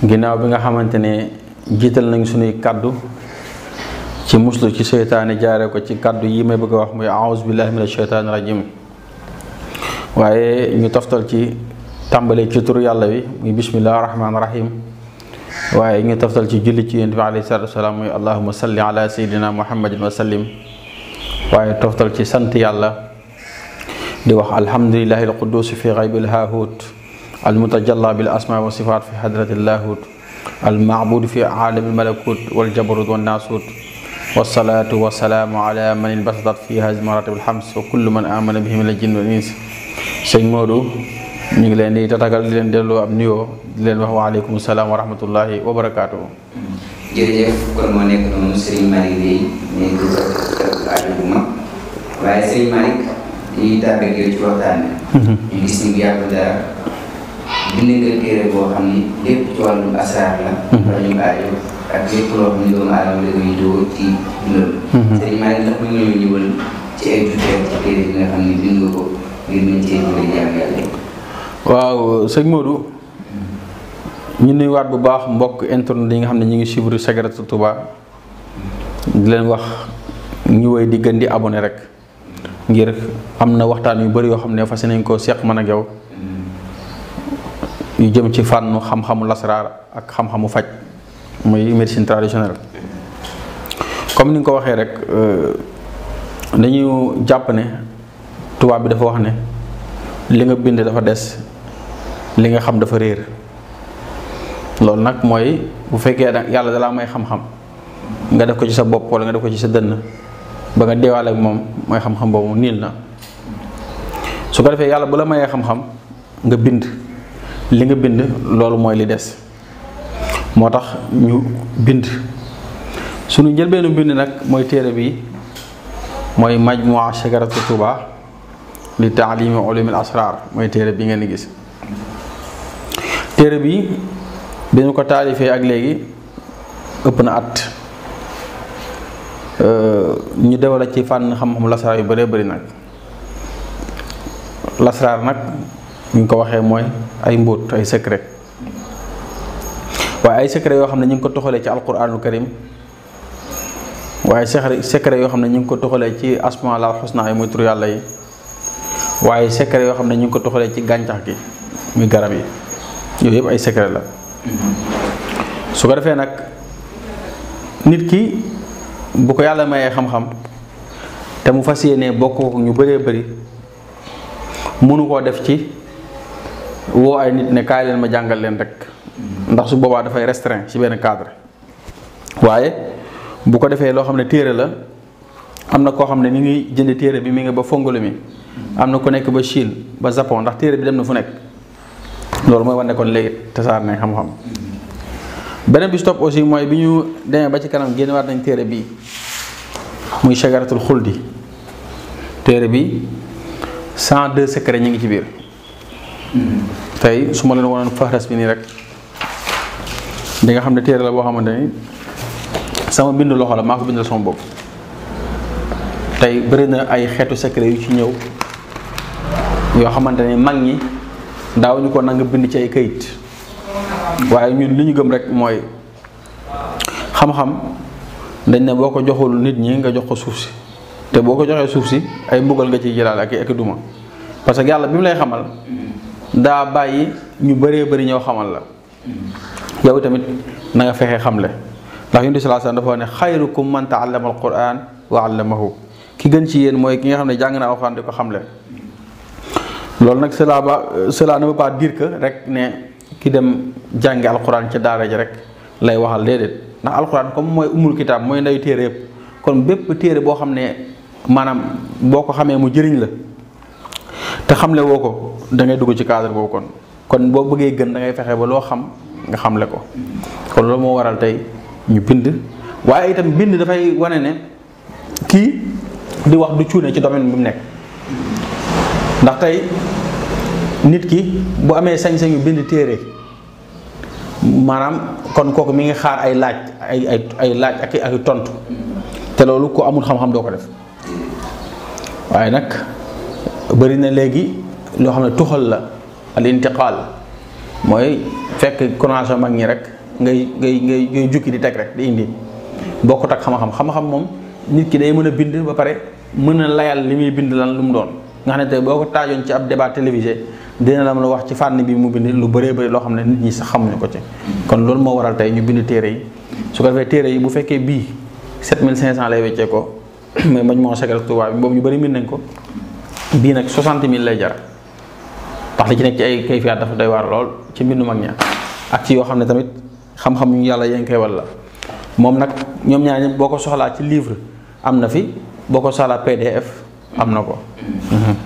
ginnaaw bi nga xamante ne jiital nañ suñuy kàddu ci muslu ci seytaane jaare ko ci kàddu yi may bëgg a wax muy aawus billahi min asheytaani rajim waaye ñu toftal ci tàmbale ci turu yàlla wi muy bismillahi rahmaani rahim waaye ñu toftal ci julli ci yonent bi alayhi salaatu wasalaam muy allahuma salli ala sayyidina muhammadin wa waaye toftal ci sant yàlla di wax alhamdulilahi alquduus fi xaybil haahut almutajalla bil asma wa sifaat fi hadrati llaahut almaabuud fi aalami lmalakut waljabarut wannaasut wasalaatu wasalaamu ala man ilbasatat fi hazi maratib alxams wa kullu man amana bihi min aljinn wal ins sëñ Modou ñu ngi leen di tatagal di leen delloo ab nuyoo di leen wax waaleykum salaam wa rahmatullahi wa barakaatuhu jërëjëf kon moo nekk noonu sëriñ Malick Guèye nekk rajo bu mag waaye sëriñ Malick dañuy tàggat yow ci waxtaan bi mhm. ñu gis ni bu yàgg dara bind nga téere boo xam ni lépp ci wàllum asraar la. wàllum mhm. aayoo ak lépp loo xam ne doomu aadama la koy doo ci dundam. Mhm. sëriñ maa ngi tax ñu ñëw ñëwal ci ay jotee ci téere bi nga xam ne bind nga ko ngir mën cee jëlee jàng yàlla. waaw sëñ Modou. Hmm. ñu nuyuwaat bu baax mbokk internet yi nga xam ne ñu ngi suivre Secret Touba di leen wax ñu woy di gën di abonné rek hmm. ngir am na waxtaan yu bari yoo xam ne fas nañ ko seq man ak yow. yu jëm ci fànnu xam-xamu lasaraar ak xam-xamu faj muy médecine traditionnelle comme ni nga ko waxee rek euh, dañu jàpp ne tubaab bi dafa wax ne li nga bind dafa des li nga xam dafa réer loolu nag mooy bu fekkee yàlla dalaa may xam-xam nga def ko ci sa bopp wala nga def ko ci sa dënn ba nga deewaale moom mooy xam-xam boobu niil na su ko defee yàlla bu la mayee xam-xam nga bind li nga bind loolu mooy li des moo tax ñu bind sunu njëlbeenu bind nag mooy téere bi mooy majmua shajaratu tuuba li taalimi ulumil asrar mooy téere bi ngeen gis téere bi bi ñu ko taalifee ak léegi ëpp na at euh, ñu déwala ci fànn xam-xam lasraar yu bëree bari nag lasraar nag ñu ko waxee mooy ay mbóot ay secret waaye ay secret yoo xam ne ñu ngi ko toxalee ci alquranul karim waaye secret secret yoo xam ne ñu ngi ko toxalee ci asmaa la xusna ay muy yi waaye secret yoo xam ne ñu ko toxalee ci gàncax gi muy garab yi yooyu yëpp ay secret la su ko defee nag nit ki bu ko yàlla mayee xam-xam te mu fas yéenee bokk ko ñu baree bari mënu koo def ci woo ay nit ne kaay leen ma jàngal leen rek ndax su boobaa dafay restreint ci benn cadre waaye bu ko defee loo xam ne téere la am na koo xam ne mi ngi jënd téere bi mi ngi ba fongolu mi am na ku nekk ba Chine ba Japon ndax téere bi dem na fu nekk loolu mooy wane kon léegi tasaar ne xam beneen bi si aussi mooy bi ñu demee ba ci kanam génnewaat nañ téere bi muy chagaratul xuldi téere bi 102 secret ñu ngi ci biir tey su ma leen wanoon faxras bi nii rek di nga xam ne téere la boo xamante ni sama bindu loxo la maa ko bindal sama bopp tey bëri na ay xeetu secret yu ci ñëw yoo xamante ni mag ñi daaw ko nanga bind ci ay kayit waaye ñun li ñu gëm rek mooy xam-xam dañ ne boo ko joxul nit ñi nga jox ko suuf si te boo ko joxee suuf si ay mbugal nga ci jëlaal ak i duma parce que yàlla bi mu lay xamal daa bàyyi ñu baree bari ñëw xamal la yow tamit na nga fexe xamle ndax yonent bi sallallahu alayhi wasallam dafa wax ne xayrukum man waxal alquran ma allamahu ki gën ci yéen mooy ki nga xam ne jàng na alquran di ko xamle nag cela ba cela ne veut pas rek ne ki dem jàngi alquran ca daara ji rek lay waxal déedéet ndax alquran comme mooy umul kitaab mooy ndeyu téere yëpp kon bépp téere boo xam ne maanaam boo ko xamee mu jëriñ la te xamle woo ko da dugg ci cadre boobu kon kon boo bëggee gën da fexe ba loo xam nga xamle ko kon loolu moo waral tey ñu bind waaye itam bind dafay wane ne kii di wax du cuune ci domaine bu mu nekk ndax tey nit ki bu amee sañ-sañu bind téere maanaam kon kooku mi ngi xaar ay laaj ay ay ay laaj ak ay tontu te loolu ko amul xam-xam doo ko def waaye nag. bëri na léegi loo xam ne tuxal la al intiqaal mooy fekk convention mag ñi rek ngay ngay ngay ngay jukki di teg rek di indi bokkut ak xam-xam xam-xam moom nit ki day mën a bind ba pare mën a layal li muy bind lan lu mu doon nga xam ne tey boo ko taajoon ci ab débat télévisé dina la mën a wax ci fànn bi mu bind lu bëree bëri loo xam ne nit ñi sax xamuñu ko ci kon loolu moo waral tey ñu bind téere yi su ko defee téere yi bu fekkee bii 7500 lay weccee ko mais moo segal tubaab bi boobu ñu bëri mën nañ ko bii nag soixante mil lay jar ndax li ci nekk ci ay kayfiyaat dafa doy waar lool ci mbindu mag ña ak ci yoo xam ne tamit xam-xam yu yàlla yénkoy walla moom nag ñoom ñaar ñëpp boo ko soxlaa ci livre am na fi boo ko soxlaa pdf am na ko